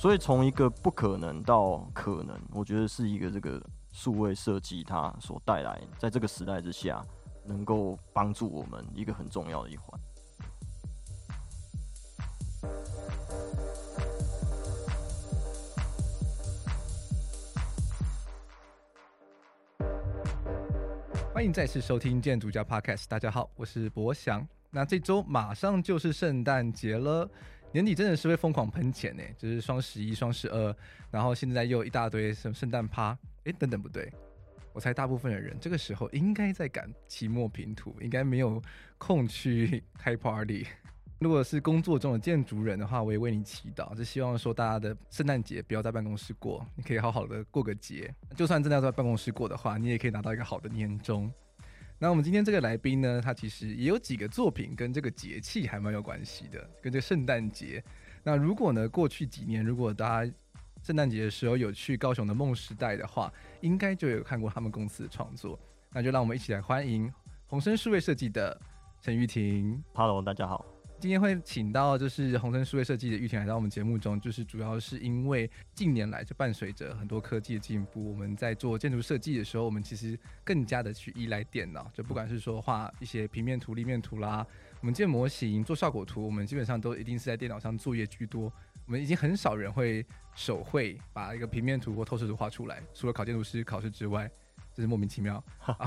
所以從一個不可能到可能，我覺得是一個這個數位設計它所帶來，在這個時代之下能夠幫助我們一個很重要的一環。歡迎再次收聽《建築+ Podcast》，大家好，我是博翔。那這週馬上就是聖誕節了。年底真的是會瘋狂噴錢呢，就是雙十一、雙十二，然後現在又一大堆什麼聖誕趴，誒等等不對，我猜大部分的人這個時候應該在趕期末評圖，應該沒有空去開 party。如果是工作中的建築人的話，我也為你祈禱，就希望說大家的聖誕節不要在辦公室過，你可以好好的過個節。就算真的要在辦公室過的話，你也可以拿到一個好的年終。那我們今天這個來賓呢，他其實也有幾個作品跟這個節氣還蠻有關係的，跟這聖誕節。那如果呢，過去幾年如果大家聖誕節的時候有去高雄的夢時代的話，應該就有看過他們公司的創作。那就讓我們一起來歡迎紅聲數位設計的陳昱廷。Hello，大家好。今天會請到就是紅聲數位設計的昱廷來到我們節目中，就是主要是因為近年來就伴隨着很多科技的進步，我們在做建築設計的時候，我們其實更加的去依賴電腦，就不管是說畫一些平面圖、立面圖啦，我們建模型、做效果圖，我們基本上都一定是在電腦上作業居多，我們已經很少人會手繪把一個平面圖或透視圖畫出來，除了考建築師考試之外，這是莫名其妙。好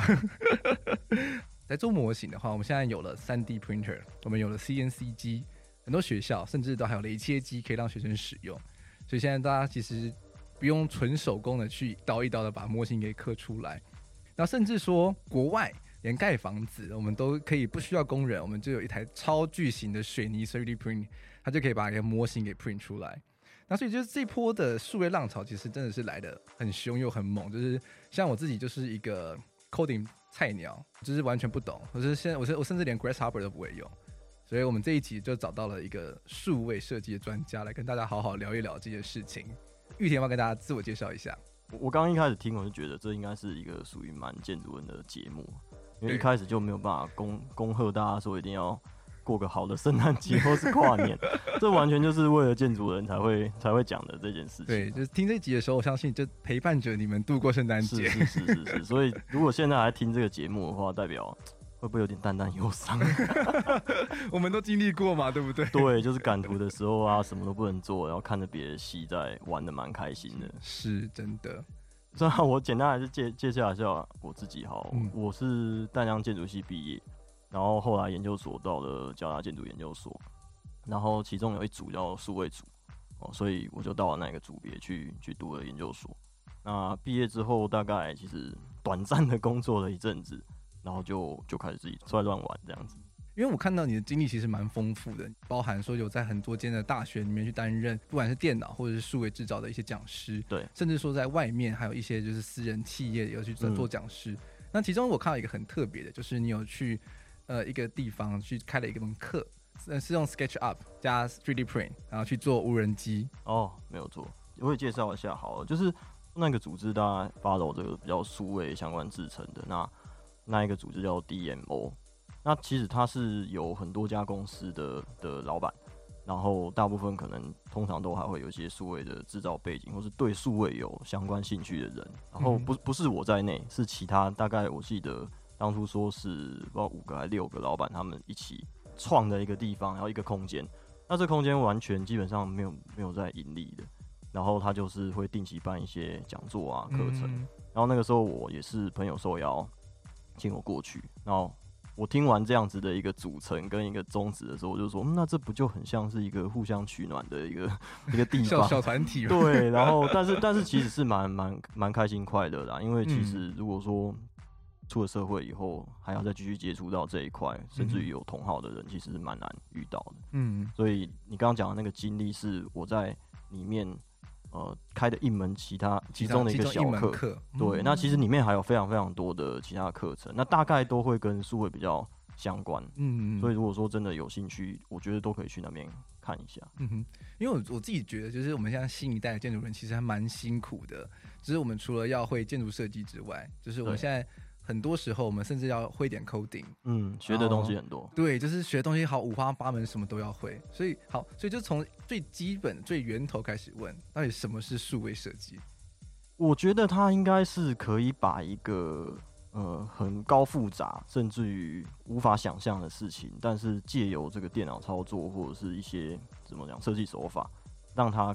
在做模型的話，我們現在有了 3D printer，我們有了 CNC 機，很多學校甚至都還有雷切機可以讓學生使用，所以現在大家其實不用純手工的去刀一刀的把模型給刻出來，那甚至說國外連蓋房子，我們都可以不需要工人，我們就有一台超巨型的水泥 3D print，它就可以把一個模型給 print 出來，那所以就是這波的數位浪潮其實真的是來得很凶又很猛，就是像我自己就是一個。coding 菜鳥，我就是完全不懂，我是現在我是我甚至連 grasshopper 都不會用，所以我們這一集就找到了一個數位設計的專家來跟大家好好聊一聊這件事情。昱廷要不要跟大家自我介紹一下？我剛剛一開始聽，我就覺得這應該是一個屬於蠻建築人的節目，因為一開始就沒有辦法恭恭賀大家說一定要。過個好的聖誕節或是跨年， 這完全就是為了建築人才會才會講的這件事情，啊。對，就聽這一集的時候，我相信就陪伴着你們度過聖誕節。是是是是是，所以如果現在還在聽這個節目的話，代表會不會有點淡淡憂傷？我們都經歷過嘛，對不對？對，就是趕圖的時候啊，什麼都不能做，然後看着別的系在玩得蠻開心的。是，是真的。那、 啊、我簡單還是介介紹一下我自己哈，嗯、我是淡江建築系畢業。然後後來研究所到了交大建築研究所，然後其中有一組叫數位組哦，所以我就到了那個組別去去讀了研究所。那畢業之後大概其實短暫的工作了一陣子，然後就就開始自己出來亂玩這樣子。因為我看到你的經歷其實蠻豐富的，包含說有在很多間的大學裡面去擔任，不管是電腦或者是數位制造的一些講師，對，甚至說在外面還有一些就是私人企業有去做做講師。嗯，那其中我看到一個很特別的，就是你有去。呃，一個地方去開了一個門課，是用 SketchUp 加 3D Print，然後去做無人機。哦，沒有做。我也介紹一下，好了，就是那個組織大家發我這個比較數位相關製程的。那那一個組織叫 DMO，那其實它是有很多家公司的的老闆，然後大部分可能通常都還會有一些數位的制造背景，或是對數位有相關興趣的人。然後不、嗯、不是我在內，是其他大概我記得。當初說是不知道五個還是六個老板，他們一起創的一個地方，然後一個空間。那這空間完全基本上沒有沒有在盈利的。然後他就是會定期辦一些講座啊、課程。嗯、然後那個時候我也是朋友受邀，請我過去。然後我聽完這樣子的一個組成跟一個宗旨的時候，我就說，那這不就很像是一個互相取暖的一個 一個地方，小小團體。對。然後，但是但是其實是蠻蠻蠻開心快樂的啦，因為其實如果說。嗯出了社會以後，還要再繼續接觸到這一塊，嗯、哼甚至於有同好的人，其實是蠻難遇到的。嗯，所以你剛剛講的那個經歷，是我在裡面呃開的一門其他其中的一個小課。課、嗯、對，那其實裡面還有非常非常多的其他的課程，嗯、哼那大概都會跟數位比較相關。嗯哼所以如果說真的有興趣，我覺得都可以去那邊看一下。嗯哼，因為我我自己覺得，就是我們現在新一代的建築人其實還蠻辛苦的，就是我們除了要會建築設計之外，就是我們現在。很多時候，我們甚至要會點 coding，嗯，學的東西很多，哦、對，就是學東西好五花八門，什麼都要會，所以好，所以就從最基本、最源頭開始問，到底什麼是數位設計？我覺得它應該是可以把一個呃很高複雜，甚至於無法想象的事情，但是借由這個電腦操作或者是一些怎麼講設計手法，讓它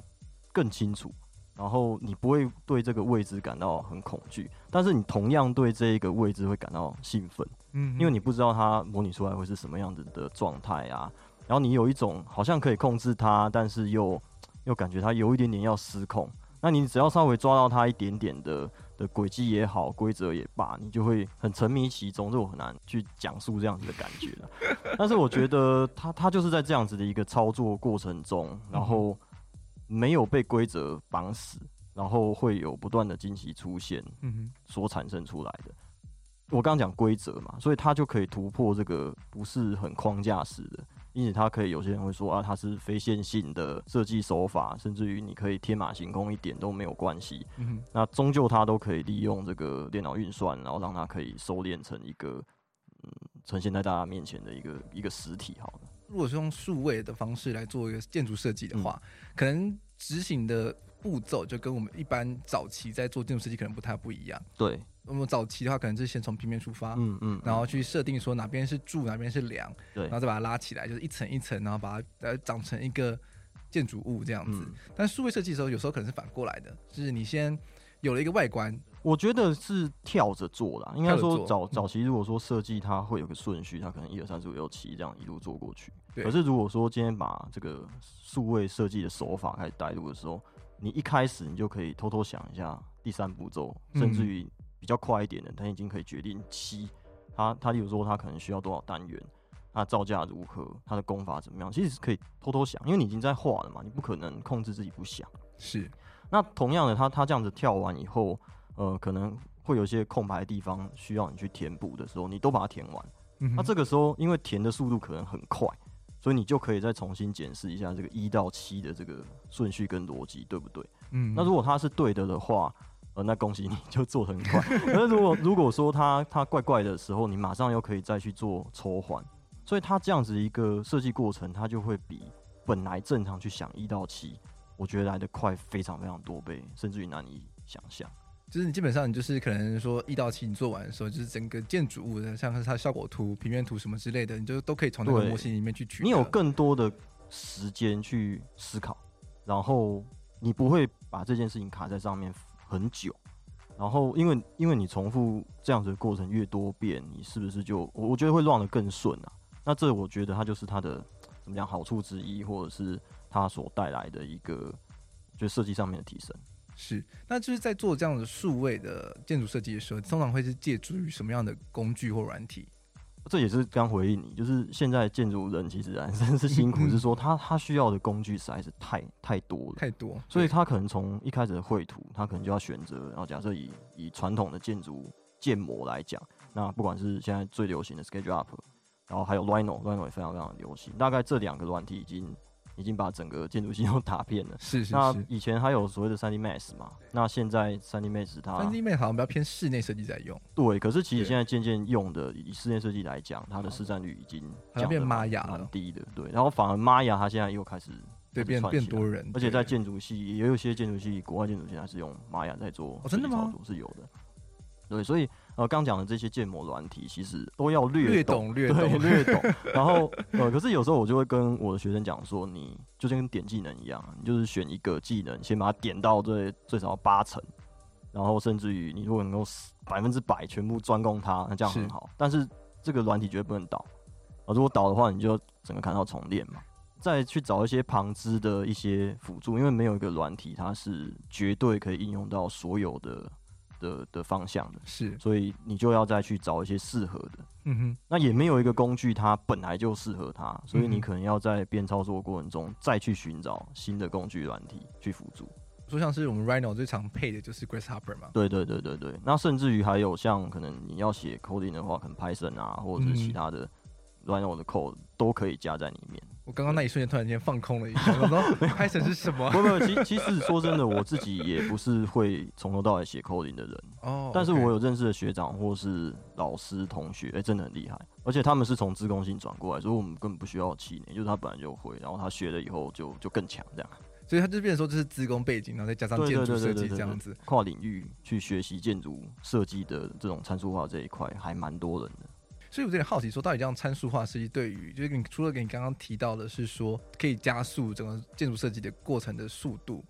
更清楚。然後你不會對這個位置感到很恐懼，但是你同樣對這個位置會感到興奮，嗯哼，因為你不知道它模擬出來會是什麼樣子的狀態啊。然後你有一種好像可以控制它，但是又又感覺它有一點點要失控。那你只要稍微抓到它一點點的的軌跡也好，規則也罷，你就會很沉迷其中。這我很難去講述這樣子的感覺了。 但是我覺得它它就是在這樣子的一個操作過程中，嗯、哼然後。沒有被規則綁死，然後會有不斷的驚喜出現，嗯哼，所產生出來的。我剛剛講規則嘛，所以它就可以突破這個不是很框架式的，因此它可以有些人會說啊，它是非線性的設計手法，甚至於你可以天馬行空一點都沒有關係。嗯哼，那終究它都可以利用這個電腦運算，然後讓它可以收斂成一個，嗯，呈現在大家面前的一個一個實體好了，好。如果是用數位的方式來做一個建築設計的話，嗯、可能執行的步驟就跟我們一般早期在做建築設計可能不太不一樣。對，我們早期的話可能是先從平面出發，嗯嗯，嗯然後去設定說哪邊是柱，哪邊是梁，對，然後再把它拉起來，就是一層一層，然後把它呃長成一個建築物這樣子。嗯、但數位設計的時候，有時候可能是反過來的，就是你先有了一個外觀，我覺得是跳着做的，做應該說早，嗯、早期如果說設計它會有個順序，它可能一二三四五六七這樣一路做過去。對可是如果說今天把這個數位設計的手法開始帶入的時候，你一開始你就可以偷偷想一下第三步驟，甚至於比較快一點的，他已經可以決定七，他他有時候他可能需要多少單元，他造價如何，他的功法怎麼樣，其實可以偷偷想，因為你已經在畫了嘛，你不可能控制自己不想。是。那同樣的它，他他這樣子跳完以後，呃，可能會有一些空白的地方需要你去填補的時候，你都把它填完。那、嗯哼啊、這個時候，因為填的速度可能很快。所以你就可以再重新檢視一下這個一到七的這個順序跟邏輯，對不對？嗯，嗯，那如果它是對的的話，呃，那恭喜你就做很快。 可是如果如果說它它怪怪的時候，你馬上又可以再去做抽換。所以它這樣子一個設計過程，它就會比本來正常去想一到七，我覺得來得快非常非常多倍，甚至於難以想象就是你基本上你就是可能說一到七你做完的時候，就是整個建築物的，像是它效果圖、平面圖什麼之類的，你就都可以從那個模型裡面去取。你有更多的時間去思考，然後你不會把這件事情卡在上面很久。然後因為因為你重複這樣子的過程越多遍，你是不是就我覺得會亂得更順啊？那這我覺得它就是它的怎麼講好處之一，或者是它所帶來的一個就設計上面的提升。是，那就是在做這樣的數位的建築設計的時候，通常會是借助於什麼樣的工具或軟體？這也是剛回應你，就是現在建築人其實真是辛苦， 是說他他需要的工具實在是太太多了，太多，所以他可能從一開始的繪圖，他可能就要選擇，然後假設以以傳統的建築建模來講，那不管是現在最流行的 SketchUp，然後還有 Rhino，Rhino 也非常非常流行，大概這兩個軟體已經。已經把整個建築系都打遍了。是是是。那以前它有所謂的三 D Max 嘛？對那現在三 D Max 它三 D Max 好像比較偏室內設計在用。對，可是其實現在漸漸用的，以室內設計來講，它的市占率已經好像變瑪雅了，蠻低的。對，然後反而瑪雅它現在又開始對變始變多人，而且在建築系也有些建築系國外建築系還是用瑪雅在做操作，哦、真的嗎？是有的。對，所以。呃，剛講的這些建模軟體，其實都要略懂略懂略懂。然後呃，可是有時候我就會跟我的學生講說，你就像跟點技能一樣，你就是選一個技能，先把它點到最最少要八成，然後甚至於你如果能夠百分之百全部專攻它，那這樣很好。是但是這個軟體絕對不能倒啊！如果倒的話，你就要整個砍掉重練嘛，再去找一些旁支的一些輔助，因為沒有一個軟體它是絕對可以應用到所有的。的的方向的是，所以你就要再去找一些適合的，嗯哼，那也沒有一個工具它本來就適合它，所以你可能要在邊操作過程中再去尋找新的工具軟體去輔助。就像是我們 Rhino 最常配的就是 Grasshopper 嘛，對對對對對，那甚至於還有像可能你要寫 coding 的話，可能 Python 啊或者是其他的 Rhino 的 code 都可以加在裡面。我剛剛那一瞬間突然間放空了一下。開始是什麼？不不， 其其實說真的，我自己也不是會從頭到尾寫扣 o 的人哦。Oh, okay 但是我有認識的學長或是老師同學，哎、欸，真的很厲害。而且他們是從自貢性轉過來，所以我們根本不需要七年，就是他本來就會，然後他學了以後就就更強這樣。所以他就變成說，這是自宮背景，然後再加上建築設計這樣子。對對對對對對對，跨領域去學習建築設計的這種參數化這一塊，還蠻多人的。所以，我這裡好奇，說到底，這樣參數化設計對於，就是你除了給你剛剛提到的，是說可以加速整個建築設計的過程的速度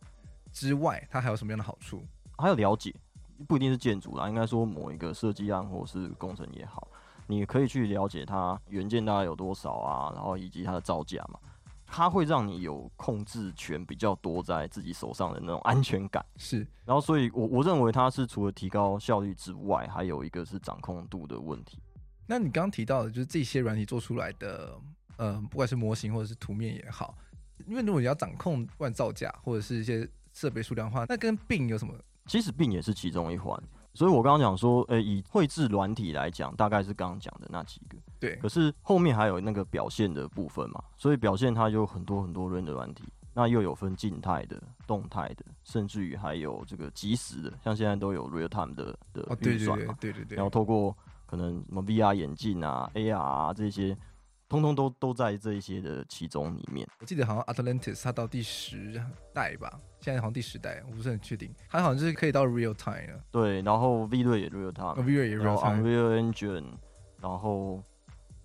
之外，它還有什麼樣的好處？還有了解，不一定是建築啦，應該說某一個設計案或者是工程也好，你可以去了解它元件大概有多少啊，然後以及它的造價嘛，它會讓你有控制權比較多在自己手上的那種安全感。是，然後，所以我我認為它是除了提高效率之外，還有一個是掌控度的問題。那你剛剛提到的，就是這些軟體做出來的，呃，不管是模型或者是圖面也好，因為如果你要掌控萬造價或者是一些設備數量的話，那跟 BIM 有什麼？其實 BIM 也是其中一環。所以我剛剛講說，呃、欸，以繪制軟體來講，大概是剛剛講的那幾個。對。可是後面還有那個表現的部分嘛？所以表現它有很多很多輪的軟體，那又有分靜態的、動態的，甚至於還有這個即時的，像現在都有 real time 的的運算嘛，哦？對對對。對對對，然後透過。可能什麼 VR 眼鏡啊，AR 啊這些，通通都都在這一些的其中裡面。我記得好像 Atlantis 它到第十代吧，現在好像第十代，我不是很確定。它好像就是可以到 Real Time 啊。對，然後 V-Ray 也 Real Time，V-Ray 也 Real Time，Unreal Engine，然後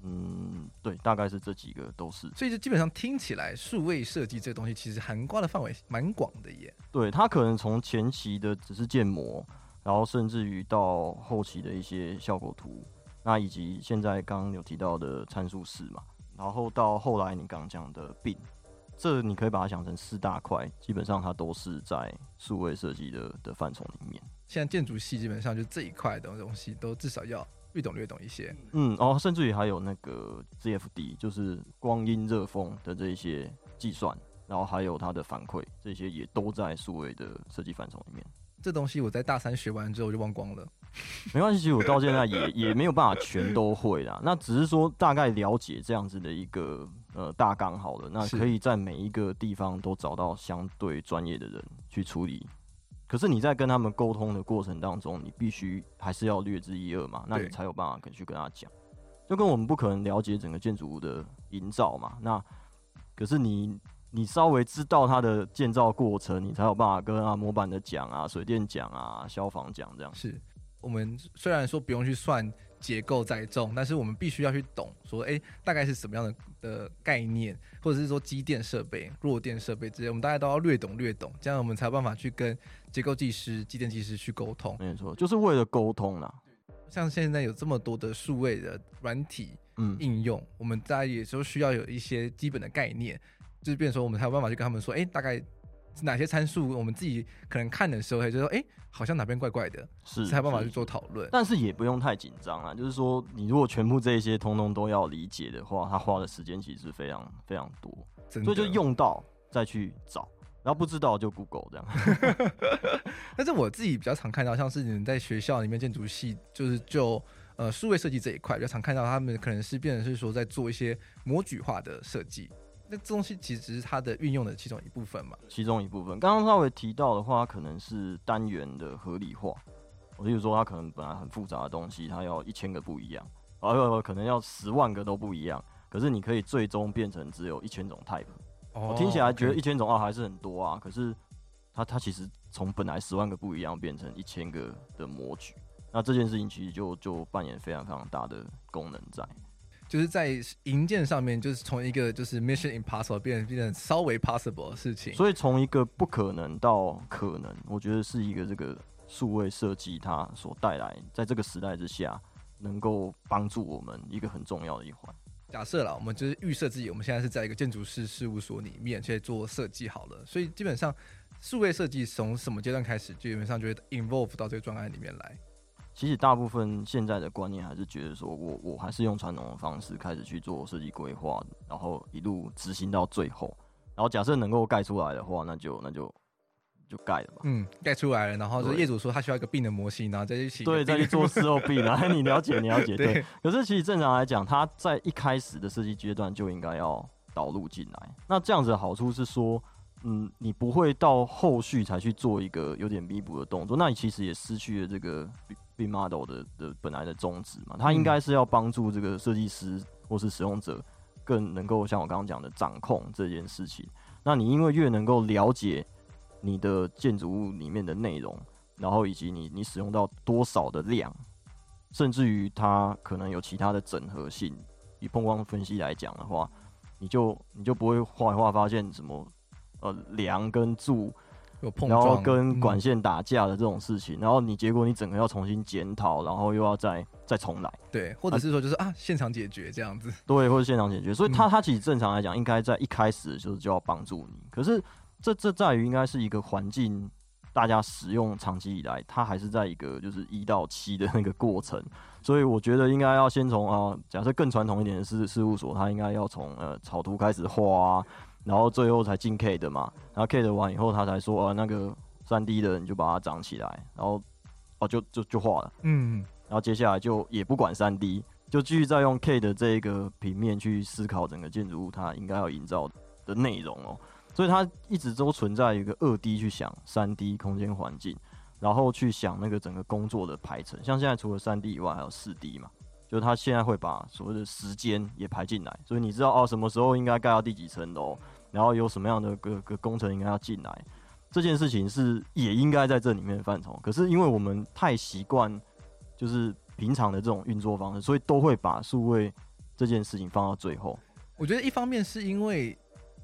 嗯，對，大概是這幾個都是。所以就基本上聽起來，數位設計這東西其實涵蓋的範圍蠻廣的耶。對，它可能從前期的只是建模。然後甚至於到後期的一些效果圖，那以及現在剛剛有提到的參數式嘛，然後到後來你剛剛講的 BIM，這你可以把它想成四大塊，基本上它都是在數位設計的的範疇裡面。現在建築系基本上就這一塊的東西都至少要略懂略懂一些。嗯，然後，哦，甚至於還有那個 CFD 就是光、音熱、風的這一些計算，然後還有它的反饋，這些也都在數位的設計範疇裡面。這東西我在大三學完之後就忘光了。沒關係，其實我到現在也 也沒有辦法全都會啦。那只是說大概了解這樣子的一個呃大綱好了，那可以在每一個地方都找到相對專業的人去處理。可是你在跟他們溝通的過程當中，你必須還是要略知一二嘛，那你才有辦法可以去跟他講。對就跟我們不可能了解整個建築物的營造嘛，那可是你。你稍微知道它的建造過程，你才有辦法跟啊模板的講，啊水電講，啊消防講這樣子。是，我們雖然說不用去算結構載重，但是我們必須要去懂說，說、欸、哎大概是什麼樣的的概念，或者是說機電設備、弱電設備這些，我們大家都要略懂略懂，這樣我們才有辦法去跟結構技師、機電技師去溝通。沒錯，就是為了溝通了。像現在有這麼多的數位的軟體，嗯，應用，嗯、我們大家也都需要有一些基本的概念。就是變成說我們才有辦法去跟他們說，哎、欸，大概哪些參數我們自己可能看的時候就，就說哎，好像哪邊怪怪的，是才有辦法去做討論。但是也不用太緊張啊，就是說你如果全部這些通通都要理解的話，他花的時間其實是非常非常多，的所以就用到再去找，然後不知道就 Google 這樣。 但是我自己比較常看到，像是你在學校裡面建築系，就是就呃數位設計這一塊，比較常看到他們可能是變成是說在做一些模具化的設計。這東西其實只是它的運用的其中一部分嘛，其中一部分。剛剛稍微提到的話，可能是單元的合理化。我、哦、比如說，它可能本來很複雜的東西，它要一千個不一樣，可能要十萬個都不一樣。可是你可以最終變成只有一千種 type。哦。Oh, 我聽起來覺得一千種啊還是很多啊，Okay. 可是它它其實從本來十萬個不一樣變成一千個的模具，那這件事情其實就就扮演非常非常大的功能在。就是在硬件上面，就是從一個就是 mission impossible 變成變成稍微 possible 的事情，所以從一個不可能到可能，我覺得是一個這個數位設計它所帶來，在這個時代之下，能夠幫助我們一個很重要的一環。假設啦，我們就是預設自己，我們現在是在一個建築師事務所裡面，現在做設計好了，所以基本上數位設計從什麼階段開始，就基本上就會 involve 到這個專案裡面來。其實大部分現在的觀念還是覺得，說我我還是用傳統的方式開始去做設計規劃，然後一路執行到最後，然後假設能夠蓋出來的話，那就那就就蓋了吧。嗯，蓋出來了，然後就業主說他需要一個 BIM 的模型，然後再去一對，再去做事後 BIM，然後你了解，你了解， 對，對。可是其實正常來講，他在一開始的設計階段就應該要導入進來。那這樣子的好處是說，嗯，你不會到後續才去做一個有點彌補的動作，那你其實也失去了這個。BIM model 的的本來的宗旨嘛，它應該是要幫助這個設計師或是使用者更能夠像我剛剛講的掌控這件事情。那你因為越能夠了解你的建築物裡面的內容，然後以及你你使用到多少的量，甚至於它可能有其他的整合性，以碰撞分析來講的話，你就你就不會畫一畫發現什麼呃梁跟柱。然後跟管線打架的這種事情，嗯、然後你結果你整個要重新檢討，然後又要再再重來。對，或者是說就是啊，現場解決這樣子。對，或者現場解決。所以它他、嗯、其實正常來講，應該在一開始就是就要幫助你。可是這這在於應該是一個環境，大家使用長期以來，它還是在一個就是一到七的那個過程。所以我覺得應該要先從啊，假設更傳統一點的事、事務所，它應該要從呃草圖開始畫、啊。然後最後才進 K 的嘛，然後 K 的完以後，他才說，啊，那個三 D 的你就把它長起來，然後哦、啊、就就就畫了，嗯，然後接下來就也不管三 D，就繼續再用 K 的這一個平面去思考整個建築物它應該要營造的內容哦。所以它一直都存在一個二 D 去想三 D 空間環境，然後去想那個整個工作的排程，像現在除了三 D 以外還有四 D 嘛，就它現在會把所謂的時間也排進來，所以你知道哦、啊、什麼時候應該蓋到第幾層樓。然後有什麼樣的各個工程應該要進來，這件事情是也應該在這裡面的範疇。可是因為我們太習慣，就是平常的這種運作方式，所以都會把數位這件事情放到最後。我覺得一方面是因為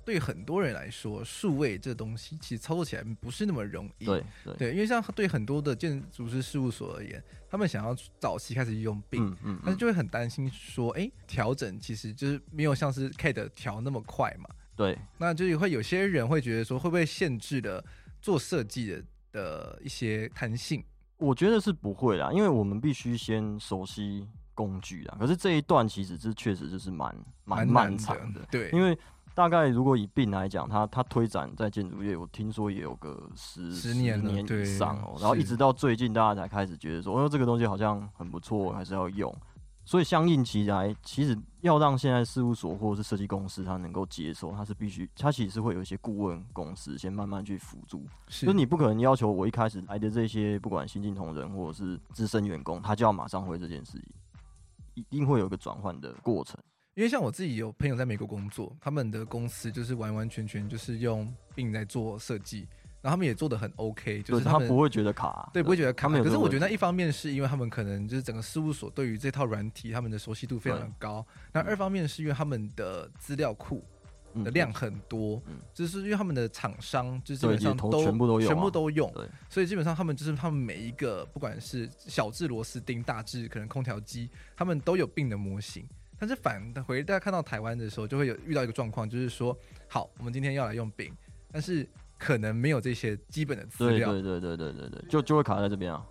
對很多人來說，數位這東西其實操作起來不是那麼容易對。對對，因為像對很多的建築師事務所而言，他們想要早期開始用，BIM 嗯，嗯嗯，但是就會很擔心說，哎，調整其實就是沒有像是 CAD 調那麼快嘛。對，那就是會有些人會覺得說，會不會限制了做設計的的一些彈性？我覺得是不會啦，因為我們必須先熟悉工具啦。可是這一段其實是確實就是蠻蠻漫長的，對。因為大概如果以 BIM 來講，它它推展在建築業，我聽說也有個十十年十年以上哦、喔。對然後一直到最近，大家才開始覺得說，是哦，這個東西好像很不錯，還是要用。所以相應起來，其實要讓現在事務所或者是設計公司他能夠接受，它是必須，他其實是會有一些顧問公司先慢慢去輔助。所以是你不可能要求我一開始來的這些，不管新進同仁或者是資深員工，他就要馬上回這件事情，一定會有一個轉換的過程。因為像我自己有朋友在美國工作，他們的公司就是完完全全就是用病來做設計。然後他們也做得很 OK，就是他們他不會覺得卡啊，對，對不會覺得卡啊。得卡啊，可是我覺得那一方面是因為他們可能就是整個事務所對於這套軟體他們的熟悉度非常高，那、嗯、二方面是因為他們的資料庫的量很多，嗯、就是因為他們的廠商就是基本上都全部都用，對所以基本上他們就是他們每一個不管是小至螺絲釘、大至可能空調機，他們都有 BIM 的模型。但是反回大家看到台灣的時候，就會有遇到一個狀況，就是說，好，我們今天要來用 BIM 但是，可能沒有這些基本的資料，對對對對對對就就會卡在這邊啊，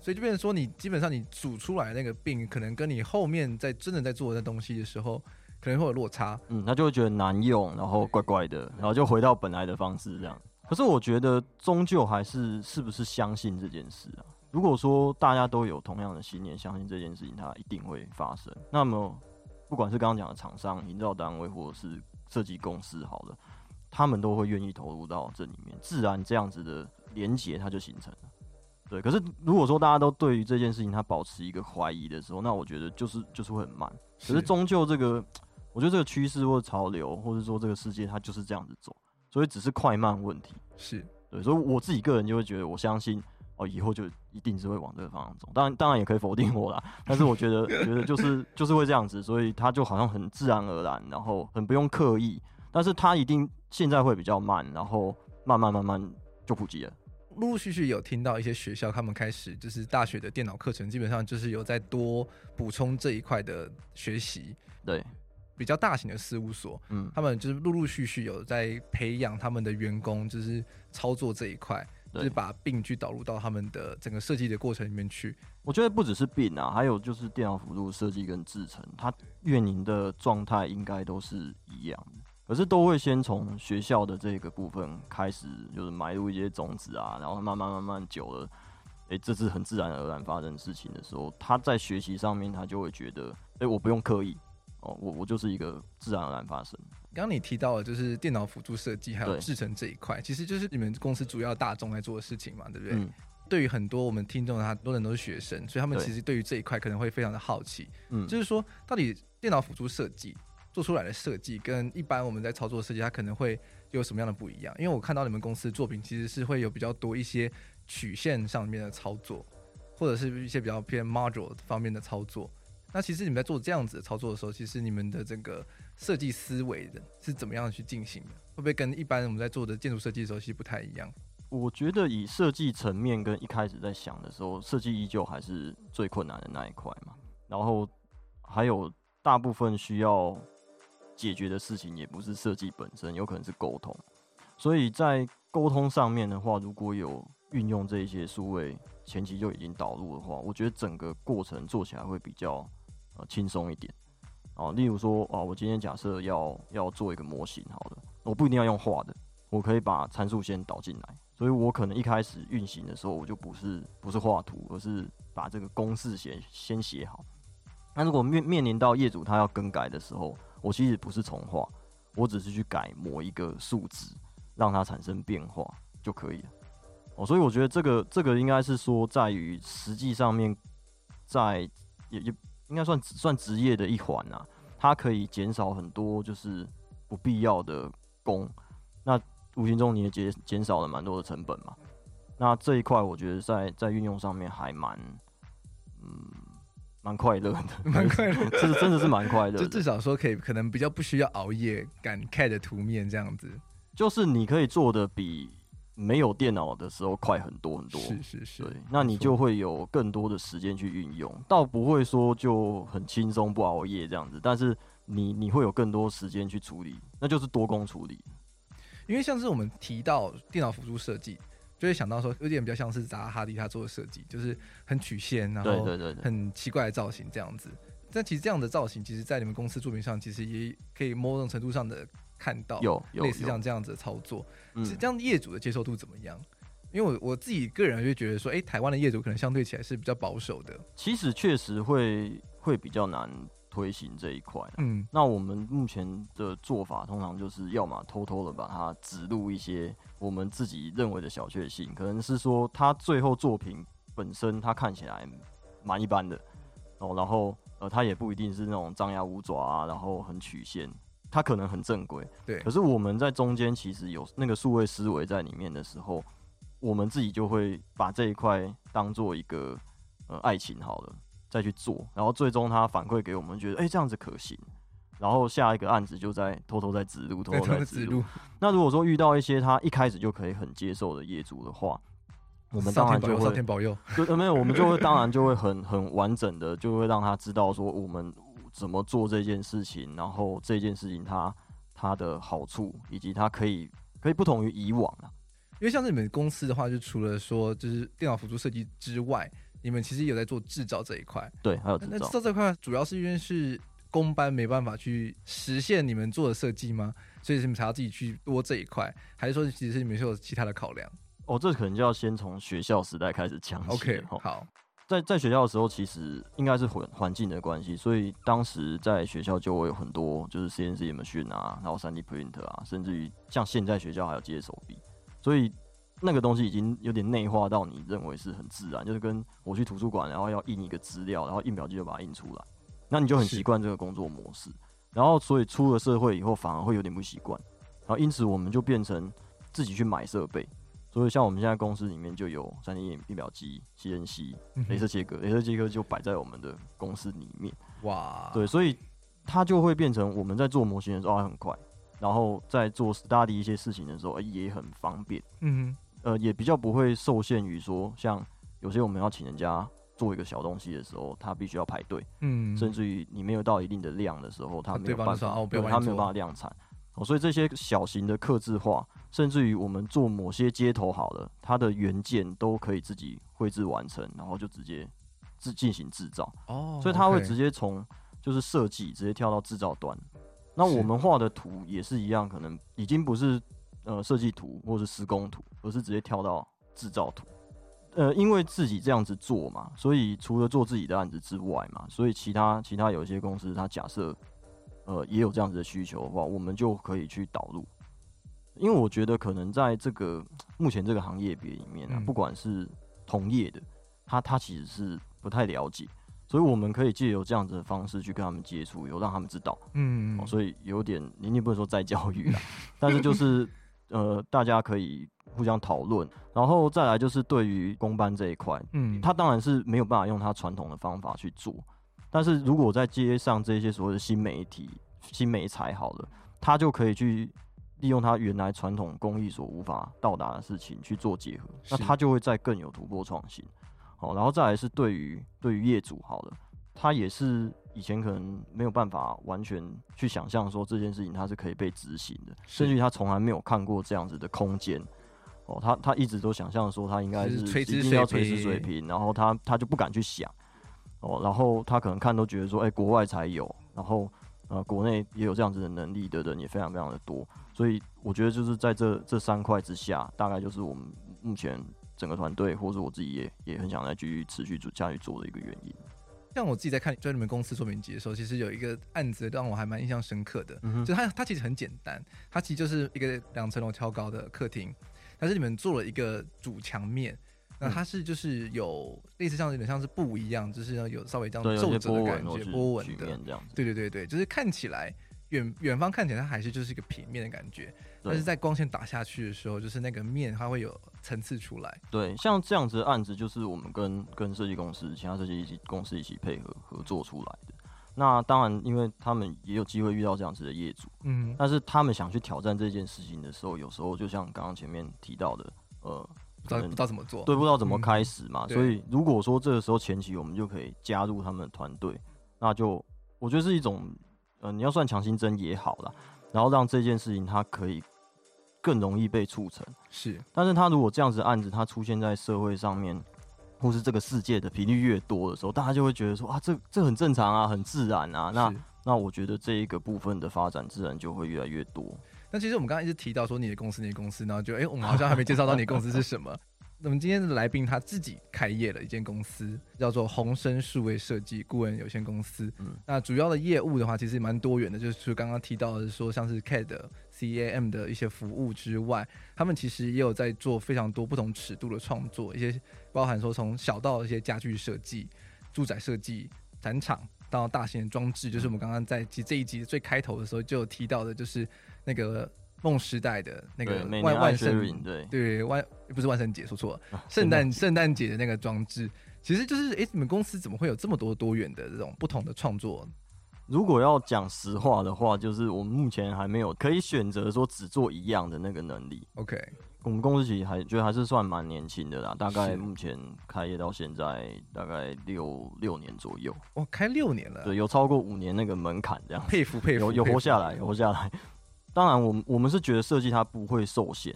所以就變成說你基本上你組出來那個病，可能跟你後面在真的在做的那東西的時候，可能會有落差，嗯，他就會覺得難用，然後怪怪的，對然後就回到本來的方式這樣。可是我覺得終究還是是不是相信這件事啊？如果說大家都有同樣的信念，相信這件事情它一定會發生，那麼不管是剛剛講的廠商、營造單位，或者是設計公司，好了。他們都會願意投入到這裡面，自然這樣子的連結它就形成了。對，可是如果說大家都對於這件事情它保持一個懷疑的時候，那我覺得就是就是會很慢。可是終究這個，是我覺得這個趨勢或者潮流，或者說這個世界它就是這樣子走，所以只是快慢問題。是對，所以我自己個人就會覺得，我相信哦，以後就一定是會往這個方向走。當然，當然也可以否定我啦， 但是我覺得，覺得就是就是會這樣子，所以它就好像很自然而然，然後很不用刻意，但是它一定。現在會比較慢，然後慢慢慢慢就普及了。陸陸續續有聽到一些學校，他們開始就是大學的電腦課程，基本上就是有在多補充這一塊的學習。對，比較大型的事務所，嗯，他們就是陸陸續續有在培養他們的員工，就是操作這一塊，對就是把 BIM 去導入到他們的整個設計的過程裡面去。我覺得不只是 BIM 啊，還有就是電腦輔助設計跟製程，它運營的狀態應該都是一樣的。可是都會先從學校的這個部分開始，就是埋入一些種子啊，然後慢慢慢慢久了，哎，這是很自然而然發生的事情的時候，他在學習上面他就會覺得，哎，我不用刻意，哦，我我就是一個自然而然發生。剛剛你提到的就是電腦輔助設計還有製程這一塊，對其實就是你們公司主要大眾在做的事情嘛，對不對？嗯、對於很多我們聽眾的，很多人都是學生，所以他們其實對於這一塊可能會非常的好奇，嗯，就是說到底電腦輔助設計。做出來的設計跟一般我們在操作設計，它可能會有什麼樣的不一樣？因為我看到你們公司作品其實是會有比較多一些曲線上面的操作，或者是一些比較偏 module 方面的操作。那其實你們在做這樣子的操作的時候，其實你們的這個設計思維的是怎麼樣去進行的？會不會跟一般我們在做的建築設計的時候其實不太一樣？我覺得以設計層面跟一開始在想的時候，設計依舊還是最困難的那一塊嘛。然後還有大部分需要。解決的事情也不是設計本身，有可能是溝通。所以在溝通上面的話，如果有運用這一些數位前期就已經導入的話，我覺得整個過程做起來會比較呃輕鬆一點。啊，例如說啊，我今天假設要要做一個模型，好了，我不一定要用畫的，我可以把參數先導進來。所以我可能一開始運行的時候，我就不是不是畫圖，而是把這個公式先先寫好。那如果面面臨到業主他要更改的時候，我其實不是重畫，我只是去改某一個數值，讓它產生變化就可以了。哦，所以我覺得這個這個應該是說，在於實際上面，在也也應該算算職業的一環啊，它可以減少很多就是不必要的工，那無形中你也減減少了蠻多的成本嘛。那這一塊我覺得在在運用上面還蠻，嗯。蠻快樂的，蠻快樂，這是真的是蠻快樂， 就至少說可以，可能比較不需要熬夜趕開的圖面這樣子，就是你可以做得比沒有電腦的時候快很多很多，是是是。對錯那你就會有更多的時間去運用，倒不會說就很輕鬆不熬夜這樣子，但是你你會有更多時間去處理，那就是多工處理，因為像是我們提到電腦輔助設計。就會想到說，有點比較像是扎哈迪他做的設計，就是很曲線，然後很奇怪的造型這樣子。對對對對。但其實這樣的造型，其實在你們公司作品上，其實也可以某種程度上的看到，有,有類似像這樣子的操作。其實這樣業主的接受度怎麼樣？嗯、因為我我自己個人就覺得說，哎，台灣的業主可能相對起來是比較保守的。其實確實會會比較難。推行這一塊，嗯，那我們目前的做法通常就是，要麼偷偷的把它植入一些我們自己認為的小確幸。可能是說他最後作品本身他看起來蠻一般的哦，然後呃他也不一定是那種張牙舞爪啊，然後很曲線，他可能很正規，對。可是我們在中間其實有那個數位思維在裡面的時候，我們自己就會把這一塊當做一個呃愛情好了。再去做，然後最終他反饋給我們，覺得哎這樣子可行，然後下一個案子就在偷偷在指路，偷偷在指路。 入那如果說遇到一些他一開始就可以很接受的業主的話，我們當然就會，上天保佑，天保佑，沒有，我們就會 當然就會很很完整的就會讓他知道說我們怎麼做這件事情，然後這件事情他他的好處以及它可以可以不同於以往啊，因為像你們公司的話，就除了說就是電腦輔助設計之外。你們其實也有在做製造這一塊，對，還有製造。那製造這塊主要是因為是工班沒辦法去實現你們做的設計嗎？所以你們才要自己去做這一塊，還是說其實是你們有其他的考量？哦，這可能就要先從學校時代開始講。OK，好，在在學校的時候，其實應該是環環境的關係，所以當時在學校就會有很多，就是 CNC machine 啊，然後三 D print 啊，甚至於像現在學校還有機械手臂，所以。那個東西已經有點內化到你認為是很自然，就是跟我去圖書館，然後要印一個資料，然後印表機就把它印出來，那你就很習慣這個工作模式。是然後所以出了社會以後，反而會有點不習慣。然後因此我們就變成自己去買設備。所以像我們現在公司裡面就有三 D 印表機、CNC、嗯哼、鐳射切割、鐳射切割就擺在我們的公司裡面。哇，對，所以它就會變成我們在做模型的時候還很快，然後在做 study 一些事情的時候也很方便。嗯哼。呃，也比較不會受限於說，像有些我們要請人家做一個小東西的時候，他必須要排隊，嗯，甚至於你沒有到一定的量的時候，他沒有辦法，他沒有辦法量產，哦、喔，所以這些小型的客製化，甚至於我們做某些接頭好了，它的元件都可以自己繪製完成，然後就直接自進行製造，哦，所以他會直接從就是設計直接跳到製造端，哦 okay、那我們畫的圖也是一樣，可能已經不是。呃，設計圖或者是施工圖，而是直接跳到製造圖。呃，因為自己這樣子做嘛，所以除了做自己的案子之外嘛，所以其他其他有一些公司，他假設呃也有這樣子的需求的話，我們就可以去導入。因為我覺得可能在這個目前這個行業別裡面啊，嗯、不管是同業的，他他其實是不太了解，所以我們可以借由這樣子的方式去跟他們接觸，有讓他們知道。嗯、喔，所以有點你你，你不能說再教育了， 但是就是。 呃，大家可以互相討論，然後再來就是對於工班這一塊，嗯，他當然是沒有辦法用他傳統的方法去做，但是如果在接上這些所謂的新媒體、新媒材好了，他就可以去利用他原來傳統工藝所無法到達的事情去做結合，是那他就會再更有突破創新。好，然後再來是對於對於業主好了，他也是。以前可能沒有辦法完全去想象說這件事情它是可以被執行的，是甚至他從來沒有看過這樣子的空間，哦，他他一直都想象說他應該是，是垂直水、水平，然後他他就不敢去想，哦，然後他可能看都覺得說，哎、欸，國外才有，然後呃，國內也有這樣子的能力的人也非常非常的多，所以我覺得就是在這這三塊之下，大概就是我們目前整個團隊或者是我自己也也很想再繼續持續做下去做的一個原因。像我自己在看，就在你們公司作品集的時候，其實有一個案子讓我還蠻印象深刻的。嗯哼，就它它其實很簡單，它其實就是一個兩層樓挑高的客廳，但是你們做了一個主牆面，那它是就是有類似像有點像是布一樣，就是有稍微這樣皺褶的感覺，波紋的，對對對對，就是看起來。遠遠方看起來它還是就是一個平面的感覺，但是在光線打下去的時候，就是那個面它會有層次出來。對，像這樣子的案子，就是我們跟跟設計公司、其他設計一起公司一起配合合作出來的。那當然，因為他們也有機會遇到這樣子的業主，嗯，但是他們想去挑戰這件事情的時候，有時候就像剛剛前面提到的，呃，不知道怎麼做，對，不知道怎麼開始嘛。嗯，所以如果說這個時候前期我們就可以加入他們的團隊，那就我覺得是一種。嗯、呃，你要算強心針也好了，然後讓這件事情它可以更容易被促成。是，但是它如果這樣子的案子，它出現在社會上面，或是這個世界的頻率越多的時候，大家就會覺得說啊，這這很正常啊，很自然啊。是那那我覺得這一個部分的發展自然就會越來越多。那其實我們剛剛一直提到說你的公司你的公司，然後就哎、欸，我們好像還沒介紹到你的公司是什麼？ 我們今天的來賓他自己開業了一間公司，叫做紅聲數位設計顧問有限公司。嗯、那主要的業務的話，其實蠻多元的，就是剛剛提到的，說，像是 CAD、CAM 的一些服務之外，他們其實也有在做非常多不同尺度的創作，一些包含說從小到一些家具設計、住宅設計、展場到大型裝置，就是我們剛剛在其實這一集最開頭的時候就有提到的，就是那個。夢時代的那個萬、萬聖，對，對，萬不是萬聖節說錯了，聖誕聖誕節的那個裝置，其實就是哎，你們公司怎麼會有這麼多多元的這種不同的創作？如果要講實話的話，就是我們目前還沒有可以選擇說只做一樣的那個能力。OK，我們公司其實還覺得還是算蠻年輕的啦，大概目前開業到現在大概六六年左右。哦，開六年了，對，有超過五年那個門檻這樣，佩服佩服。有，有活下來，有活下來。當然，我們我們是覺得設計它不會受限，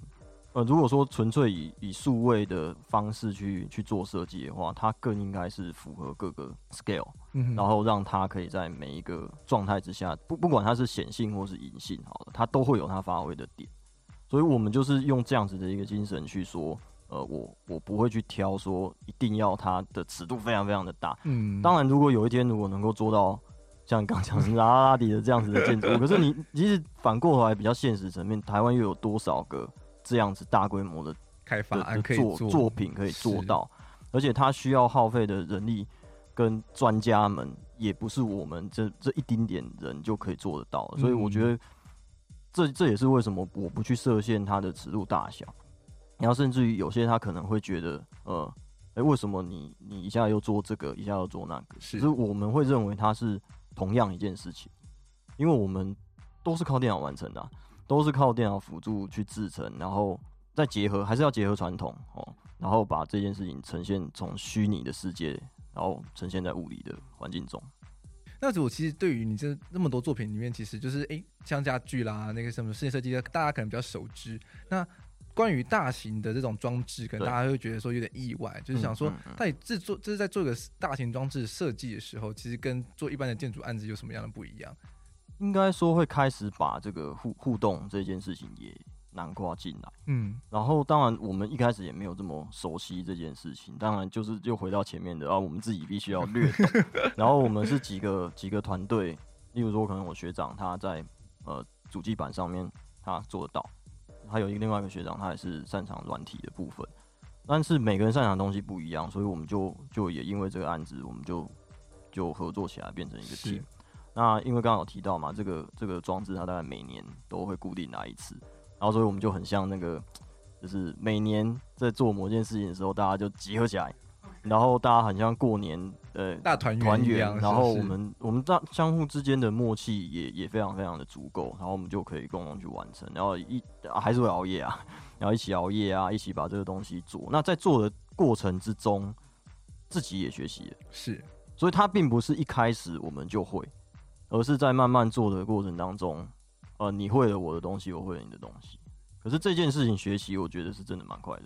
呃，如果說純粹以以數位的方式去去做設計的話，它更應該是符合各個 scale，嗯哼。然後讓它可以在每一個狀態之下，不不管它是顯性或是隱性，好了，它都會有它發揮的點。所以我們就是用這樣子的一個精神去說，呃，我我不會去挑說一定要它的尺度非常非常的大。嗯，當然，如果有一天如果能夠做到。像剛剛講、是拉,拉拉底的這樣子的建築， 可是你其實反過頭來比較現實層面，台灣又有多少個這樣子大規模的開發的的作可以做作品可以做到？是而且它需要耗費的人力跟專家們，也不是我們這這一丁點人就可以做得到。嗯、所以我覺得這這也是為什麼我不去設限它的尺度大小。然後甚至於有些他可能會覺得，呃，哎、欸，為什麼你你一下又做這個，一下又做那個？其實是我們會認為它是。同樣一件事情，因為我們都是靠電腦完成的，啊，都是靠電腦輔助去制成，然後再結合，還是要結合傳統哦，然後把這件事情呈現從虛擬的世界，然後呈現在物理的環境中。那我其實對於你這那麼多作品裡面，其實就是誒、欸，像家具啦，那個什麼室內設計，大家可能比較熟知。那關於大型的這種裝置，可能大家會覺得說有點意外。對就是想說，在製、嗯嗯嗯、作這是在做一個大型裝置設計的時候，其實跟做一般的建築案子有什麼樣的不一樣？應該說會開始把這個互互動這件事情也囊括進來。嗯，然後當然我們一開始也沒有這麼熟悉這件事情，當然就是又回到前面的啊，然後我們自己必須要略懂。 然後我們是幾個幾個團隊，例如說可能我學長他在呃主機板上面他做得到。還有一個另外一個學長，他也是擅長軟體的部分，但是每個人擅長的東西不一樣，所以我們就就也因為這個案子，我們就就合作起來變成一個 team。是 那因為剛剛有提到嘛，這個這個裝置它大概每年都會固定來一次，然後所以我們就很像那個，就是每年在做某件事情的時候，大家就集合起來，然後大家很像過年。呃，對大團圓，然後我們是是我們大相互之間的默契也也非常非常的足夠，然後我們就可以共同去完成。然後一、啊、還是會熬夜啊，然後一起熬夜啊，一起把這個東西做。那在做的過程之中，自己也學習了，是，所以它並不是一開始我們就會，而是在慢慢做的過程當中，呃，你會了我的東西，我會了你的東西。可是這件事情學習，我覺得是真的蠻快的，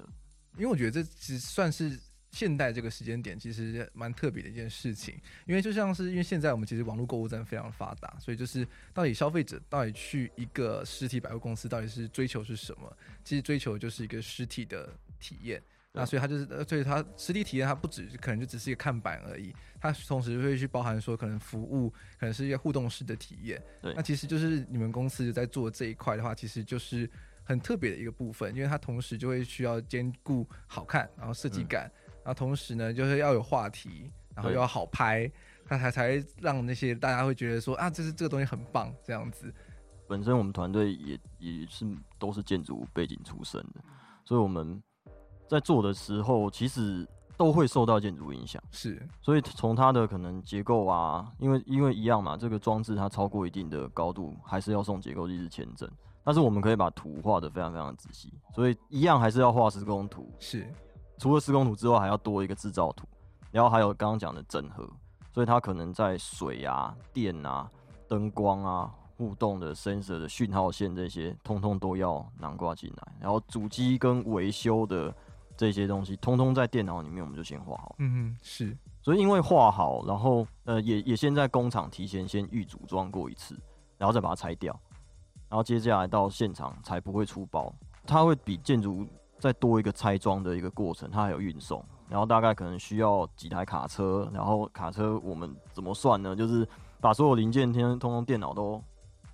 因為我覺得這其實算是。現代這個時間點其實蠻特別的一件事情，因為就像是因為現在我們其實網絡購物真的非常的發達，所以就是到底消費者到底去一個實體百貨公司，到底是追求是什麼？其實追求就是一個實體的體驗。對那所以它就是，呃，所以它實體體驗它不只是可能就只是一個看板而已，它同時就會去包含說可能服務，可能是一些互動式的體驗。對那其實就是你們公司就在做這一塊的話，其實就是很特別的一個部分，因為它同時就會需要兼顧好看，然後設計感。那、啊、同時呢，就是要有話題，然後又要好拍，那對才才讓那些大家會覺得說啊，這是這個東西很棒這樣子。本身我們團隊也也是都是建築背景出身的，所以我們在做的時候其實都會受到建築影響。是，所以從它的可能結構啊，因為因為一樣嘛，這個裝置它超過一定的高度，還是要送結構技師簽證。但是我們可以把圖畫得非常非常仔細，所以一樣還是要畫施工圖。是。除了施工圖之外，還要多一個製造圖，然後還有剛剛講的整合，所以它可能在水啊、電啊、燈光啊、互動的、sensor 的、訊號線這些，通通都要囊括進來。然後主機跟維修的這些東西，通通在電腦裡面我們就先畫好。嗯嗯，是。所以因為畫好，然後呃也也先在工廠提前先預組裝過一次，然後再把它拆掉，然後接下來到現場才不會出包。它會比建築。再多一個拆裝的一個過程，它還有運送，然後大概可能需要幾台卡車，然後卡車我們怎麼算呢？就是把所有零件、天通通電腦都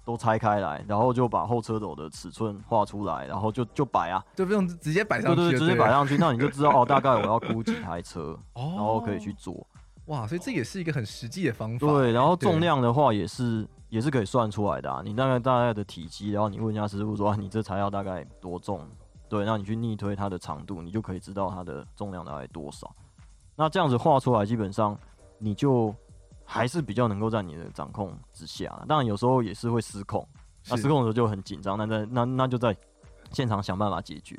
都拆開來，然後就把後車斗的尺寸畫出來，然後就就擺啊，就不用直接擺上，上去。對，直接擺上去，那你就知道 哦，大概我要估幾台車，然後可以去做。哦、哇，所以這也是一個很實際的方法。對，然後重量的話也是對也是可以算出來的啊，你大概大概的體積，然後你問一下師傅說你這材料大概多重。對，那你去逆推它的長度，你就可以知道它的重量大概多少。那這樣子畫出來，基本上你就還是比較能夠在你的掌控之下。當然，有時候也是會失控，那是、啊、失控的時候就很緊張。那在那那就在現場想辦法解決。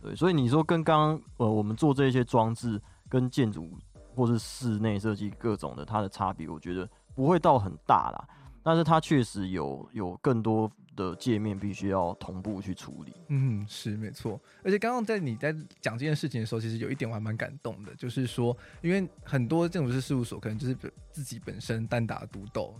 對，所以你說跟剛剛呃我們做這些裝置跟建築或是室內設計各種的，它的差別，我覺得不會到很大啦。但是它確實有有更多。的界面必須要同步去處理。嗯，是沒錯。而且剛剛在你在講這件事情的時候，其實有一點我還蠻感動的，就是說，因為很多這種事，事務所，可能就是自己本身單打獨鬥。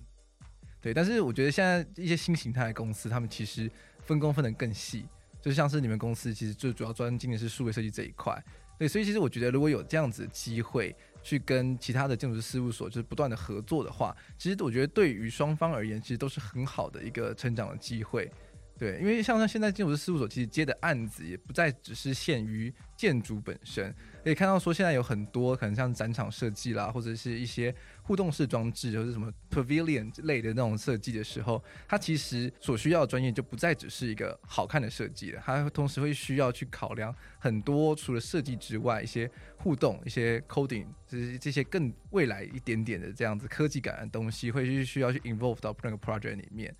對，但是我覺得現在一些新形態的公司，他們其實分工分得更細，就像是你們公司，其實最主要專精的是數位設計這一塊。對，所以其實我覺得，如果有這樣子的機會去跟其他的建築師事務所就是不斷的合作的話，其實我覺得對於雙方而言，其實都是很好的一個成長的機會。對，因為像他現在進入的事務所其實接的案子也不再只是限於建築本身，可以看到說現在有很多可能像展場設計啦，或者是一些互動式裝置，就是什麼 pavilion 類的那種設計的時候，它其實所需要的專業就不再只是一個好看的設計了，它同時會需要去考量很多除了設計之外一些互動、一些 coding，就是這些更未來一點點的這樣子科技感的東西會去需要去 involve 到那個 project 裡面。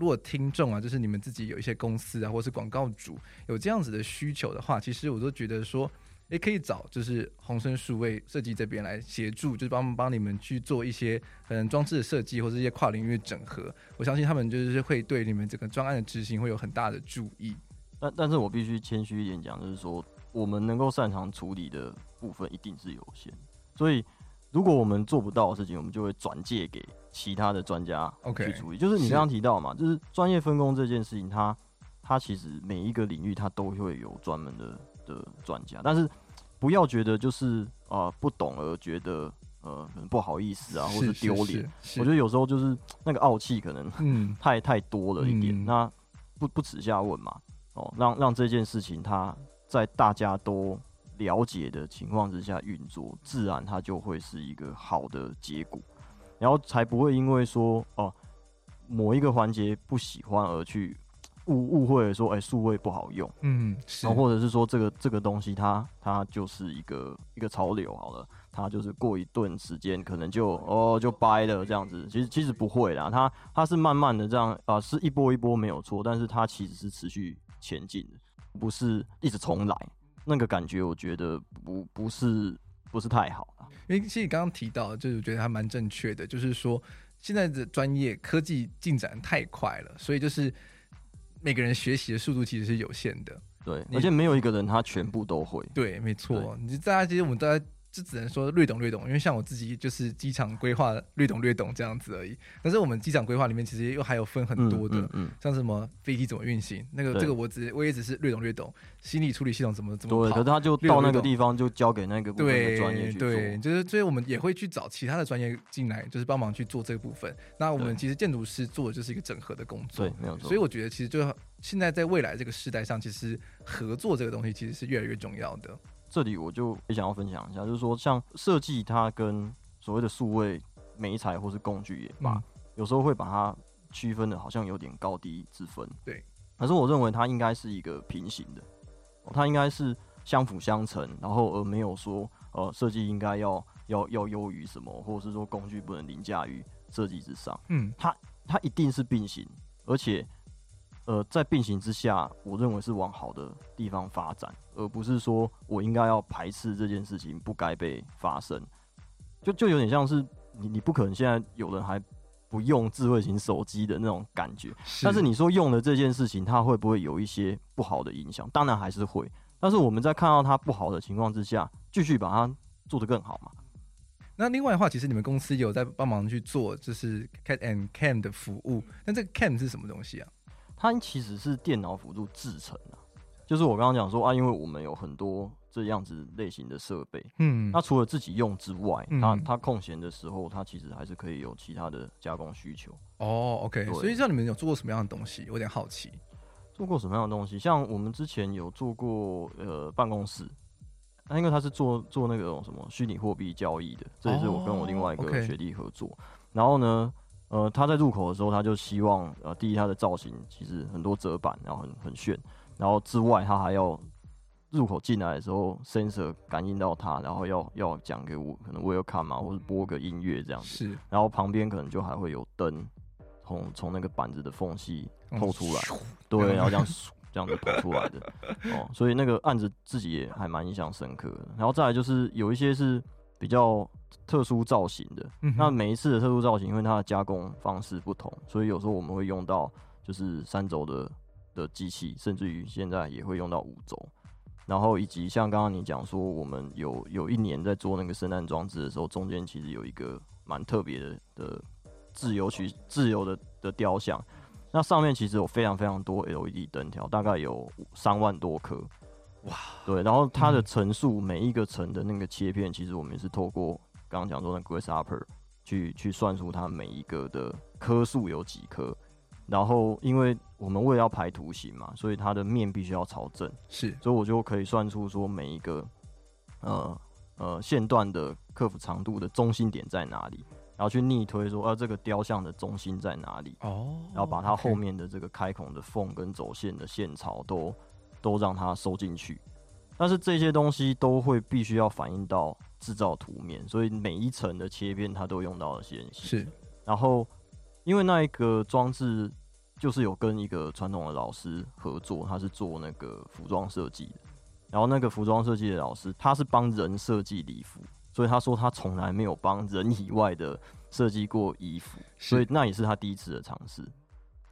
如果聽眾啊，就是你們自己有一些公司啊，或是廣告主有這樣子的需求的話，其實我都覺得說，也、欸、可以找就是紅聲數位設計這邊來協助，就幫幫你們去做一些嗯裝置的設計，或是一些跨領域整合。我相信他們就是會對你們整個專案的執行會有很大的注意。但但是我必須謙虛一點講，就是說我們能夠擅長處理的部分一定是有限，所以。如果我們做不到的事情，我們就會轉介給其他的專家去處理。Okay, 就是你剛剛提到嘛，是就是專業分工這件事情它，它它其實每一個領域它都會有專門的的專家。但是不要覺得就是啊、呃、不懂而覺得呃不好意思啊，或者丟臉。是是是是，我覺得有時候就是那個傲氣可能是是是太太多了一點，那、嗯、不不恥下問嘛，哦讓讓這件事情它在大家都了解的情況之下運作，自然它就會是一個好的結果，然後才不會因為說哦、呃、某一個環節不喜歡而去誤誤會說哎，數位不好用，嗯，是，然後或者是說這個這個東西它它就是一個一個潮流好了，它就是過一段時間可能就哦就掰了這樣子，其實其實不會啦，它它是慢慢的這樣啊、呃、是一波一波沒有錯，但是它其實是持續前進的，不是一直重來。那個感覺，我覺得不不是不是太好，因為其實你剛剛提到，就是我覺得還蠻正確的，就是說現在的專業科技進展太快了，所以就是每個人學習的速度其實是有限的。對，你而且沒有一個人他全部都會。嗯、對，沒錯，對你大家其實我們大家，就只能說略懂略懂，因為像我自己就是機場規劃略懂略懂這樣子而已。但是我們機場規劃裡面其實又還有分很多的，嗯嗯嗯、像什麼飛機怎麼運行，那個這個我只我也只是略懂略懂。行李處理系統怎麼怎麼，對，可是他就到那個，那個地方就交給那個去做對專業，對，就是所以我們也會去找其他的專業進來，就是幫忙去做這個部分。那我們其實建築師做的就是一個整合的工作，對，沒有錯，所以我覺得其實就現在在未來這個時代上，其實合作這個東西其實是越來越重要的。這裡我就也想要分享一下，就是說，像設計它跟所謂的數位媒材或是工具也罷，有時候會把它區分的好像有點高低之分。對，可是我認為它應該是一個平行的，它應該是相輔相成，然後而沒有說呃設計應該要要要優於什麼，或者是說工具不能凌駕於設計之上。嗯，它它一定是並行，而且。呃，在並行之下，我認為是往好的地方發展，而不是說我應該要排斥這件事情，不該被發生。就就有點像是你你不可能現在有人還不用智慧型手機的那種感覺。是。但是你說用了這件事情，它會不會有一些不好的影響？當然還是會。但是我們在看到它不好的情況之下，繼續把它做得更好嘛。那另外的話，其實你們公司有在幫忙去做就是 CAD and CAM 的服務，但這個 CAM 是什麼東西啊？它其實是電腦輔助製程的，就是我剛剛講說啊，因為我們有很多這樣子類型的設備，嗯，那除了自己用之外，那、嗯、它，它空閒的時候，它其實還是可以有其他的加工需求。哦、oh, OK，對，所以像你們有做過什麼樣的東西？我有點好奇，做過什麼樣的東西？像我們之前有做過呃辦公室，那、啊、因為他是做做那個什麼虛擬貨幣交易的，這也是我跟我另外一個學弟合作，oh, okay. 然後呢。呃，他在入口的時候，他就希望呃，第一他的造型其實很多折板，然後很很炫，然後之外他還要入口進來的時候，Sensor 感應到它，然後要要講給我，可能我要看嘛，或者播個音樂這樣子。是。然後旁邊可能就還會有燈，從從那個板子的縫隙透出來。嗯、對，然後這樣這樣子透出來的。 哦，所以那個案子自己也還蠻印象深刻的。然後再來就是有一些是比較。特殊造型的，嗯、哼那每一次的特殊造型，因為它的加工方式不同，所以有時候我們會用到就是三軸的的機器，甚至於現在也會用到五軸。然後以及像剛剛你講說，我們有有一年在做那個聖誕裝置的時候，中間其實有一個蠻特別的的自由曲自由的的雕像，那上面其實有非常非常多 LED 燈條，大概有三萬多顆，哇，對，然後它的層數，嗯、每一個層的那個切片，其實我們也是透過。剛剛講說的 Grasshopper 去去算出它每一個的顆數，有幾顆。然後因為我們為了要排圖形嘛，所以它的面必須要朝正，是，所以我就可以算出說每一個呃呃線段的 curve 長度的中心點在哪裡，然後去逆推說啊，這個雕像的中心在哪裡，哦，oh, okay. 然後把它後面的這個開孔的縫跟走線的線槽都都讓它收進去，但是這些東西都會必須要反映到。製造圖面，所以每一層的切片，它都用到了線性。是，然後因為那一個裝置就是有跟一個傳統的老師合作，他是做那個服裝設計的，然後那個服裝設計的老師，他是幫人設計禮服，所以他說他從來沒有幫人以外的設計過衣服，是所以那也是他第一次的嘗試。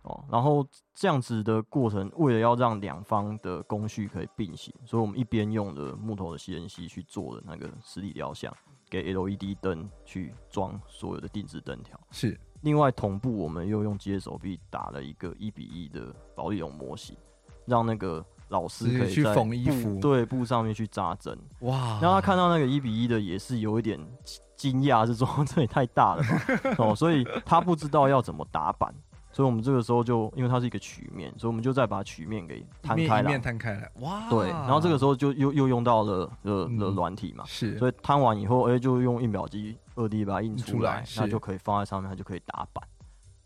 哦、然後這樣子的過程，為了要讓兩方的工序可以並行，所以我們一邊用的木頭的 C N C 去做的那個實體雕像，給 L E D 燈去裝所有的定制燈條。是，另外同步我們又用機械手臂打了一個一比一的保麗龍模型，讓那個老師可以去縫衣服，對，布上面去扎針。哇，然後他看到那個一比一的，也是有一點驚訝，是說，這也太大了 哦，所以他不知道要怎麼打板。所以我們這個時候就，因為它是一個曲面，所以我們就再把曲面給攤開了，攤開來，哇，對，然後這個時候就又又用到了呃的軟體嘛，是，所以攤完以後，哎，就用印表機二 D 把它印出來，那就可以放在上面，它就可以打板。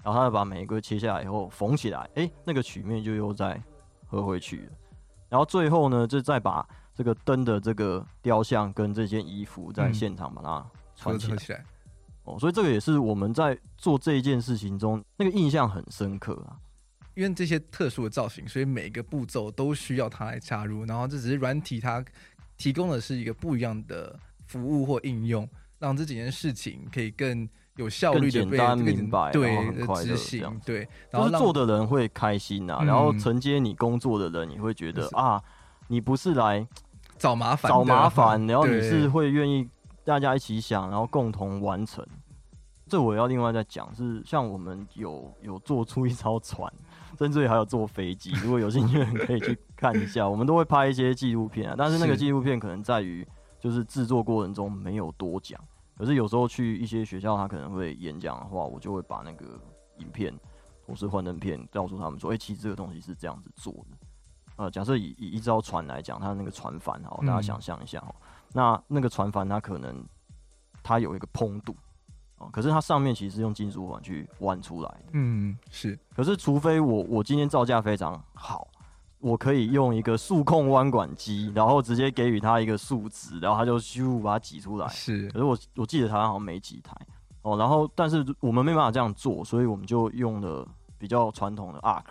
然後它把每一個切下來以後縫起來，哎，那個曲面就又再合回去，然後最後呢，就再把這個燈的這個雕像跟這件衣服在現場把它穿起來。哦，所以這個也是我們在做這一件事情中那個印象很深刻啊，因為這些特殊的造型，所以每一個步驟都需要它來插入。然後這只是軟體，它提供的是一個不一樣的服務或應用，讓這幾件事情可以更有效率、簡單、明白、對，很快執行。對，然後就是做的人會開心吶、啊，嗯、然後承接你工作的人，你會覺得、就是、啊，你不是來找麻煩，找麻煩，然後你是會願意。大家一起想，然後共同完成。這我要另外再講，是像我們有有做出一艘船，甚至還有坐飛機。 如果有興趣，可以去看一下。 我們都會拍一些紀錄片啊，但是那個紀錄片可能在於就是制作過程中沒有多講。可是有時候去一些學校，他可能會演講的話，我就會把那個影片或是幻燈片告訴他們說：哎、欸，其實這個東西是這樣子做的。呃，假設以以一艘船來講，它的那個船帆好，大家想象一下那那個船帆，它可能它有一個烹度，哦，可是它上面其實用金屬管去彎出來的。嗯，是。可是除非我我今天造價非常好，我可以用一個數控彎管機，嗯、然後直接給予它一個數值，然後它就咻把它擠出來。是。可是我我記得台灣好像沒幾台哦，然後但是我們沒辦法這樣做，所以我們就用了比較傳統的 Arc，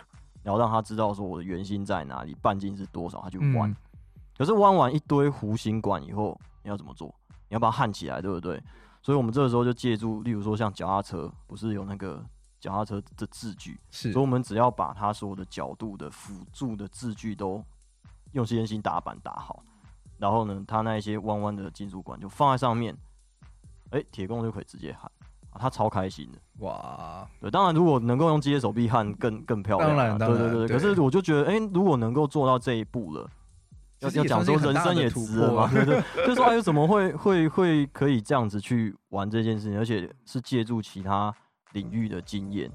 然後讓它知道說我的圓心在哪裡，半徑是多少，它就彎。嗯可是彎完一堆弧形管以後，你要怎麼做？你要把它焊起來，對不對？所以我們這個時候就借助，例如說像腳踏車，不是有那個腳踏車的治具。是所以我們只要把它所有的角度的輔助的治具都用 CNC 打板打好，然後呢，它那一些彎彎的金屬管就放在上面，哎、欸，鐵工就可以直接焊、啊、他超開心的哇！對，當然如果能夠用機械手臂焊更更漂亮、啊，當，當然，對對對。對，可是我就覺得，哎、欸，如果能夠做到這一步了。要要講說人生也突破嘛，就是還有怎麼會 會會可以這樣子去玩這件事情，而且是借助其他領域的經驗，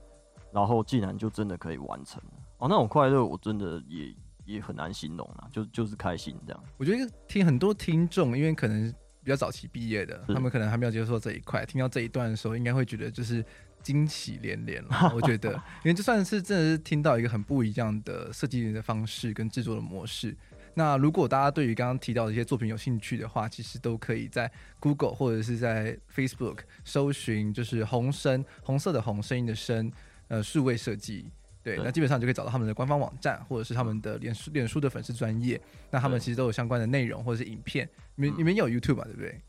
然後竟然就真的可以完成了哦！那種快樂我真的也也很難形容啊，就就是開心這樣。我覺得聽很多聽眾，因為可能比較早期畢業的，是他們可能還沒有接觸這一塊，聽到這一段的時候，應該會覺得就是驚喜連連 我覺得，因為就算是真的是聽到一個很不一樣的設計的方式跟製作的模式。那如果大家對於剛剛提到的一些作品有興趣的話，其實都可以在 Google 或者是在 Facebook 搜尋，就是“紅聲”紅色的紅，聲音的聲，呃，數位設計。對，對那基本上就可以找到他們的官方網站，或者是他們的臉書臉書的粉絲專頁。那他們其實都有相關的內容或者是影片。你們你們有 YouTube 吧、啊、對不對、嗯？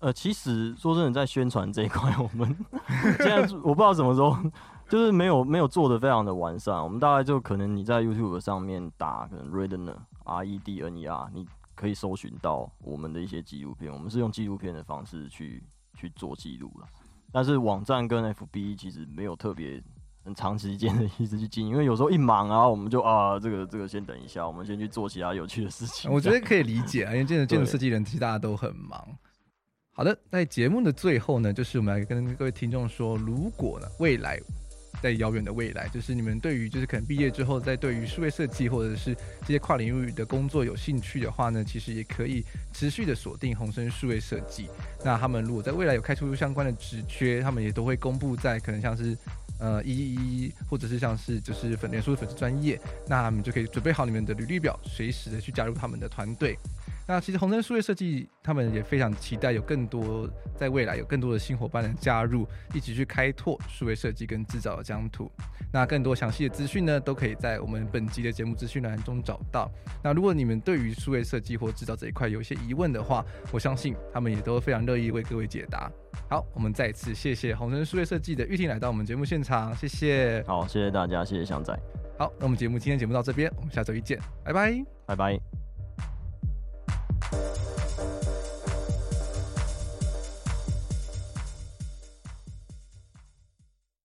呃，其實說真的，在宣傳這一塊，我們 現在我不知道怎麼說，就是沒有沒有做得非常的完善。我們大概就可能你在 YouTube 上面打可能 Redner R E D N E R，你可以搜尋到我們的一些紀錄片。我們是用紀錄片的方式去去做記錄的。但是網站跟 F B 其實沒有特別很長時間的意思去經營，因為有時候一忙啊，我們就啊、呃、這個這個先等一下，我們先去做其他有趣的事情。啊、我覺得可以理解啊，因為建築建築設計人其實大家都很忙。對好的，在節目的最後呢，就是我們來跟各位聽眾說，如果呢未來。在遙遠的未來，就是你們對於就是可能畢業之後，在對於數位設計或者是這些跨領域的工作有興趣的話呢，其實也可以持續的鎖定紅聲數位設計。那他們如果在未來有開出相關的職缺，他們也都會公布在可能像是呃1111或者是像是就是 FB 臉書的粉絲專頁，那你們就可以準備好你們的履歷表，隨時的去加入他們的團隊。那其實紅聲數位設計他們也非常期待有更多在未來有更多的新夥伴的加入，一起去開拓數位設計跟製造的疆土。那更多詳細的資訊呢，都可以在我們本集的節目資訊欄中找到。那如果你們對於數位設計或製造這一塊有一些疑問的話，我相信他們也都非常樂意為各位解答。好，我們再一次謝謝紅聲數位設計的昱廷來到我們節目現場，謝謝。好，謝謝大家，謝謝翔仔。好，那我們節目今天節目到這邊，我們下周一見，拜拜，拜拜。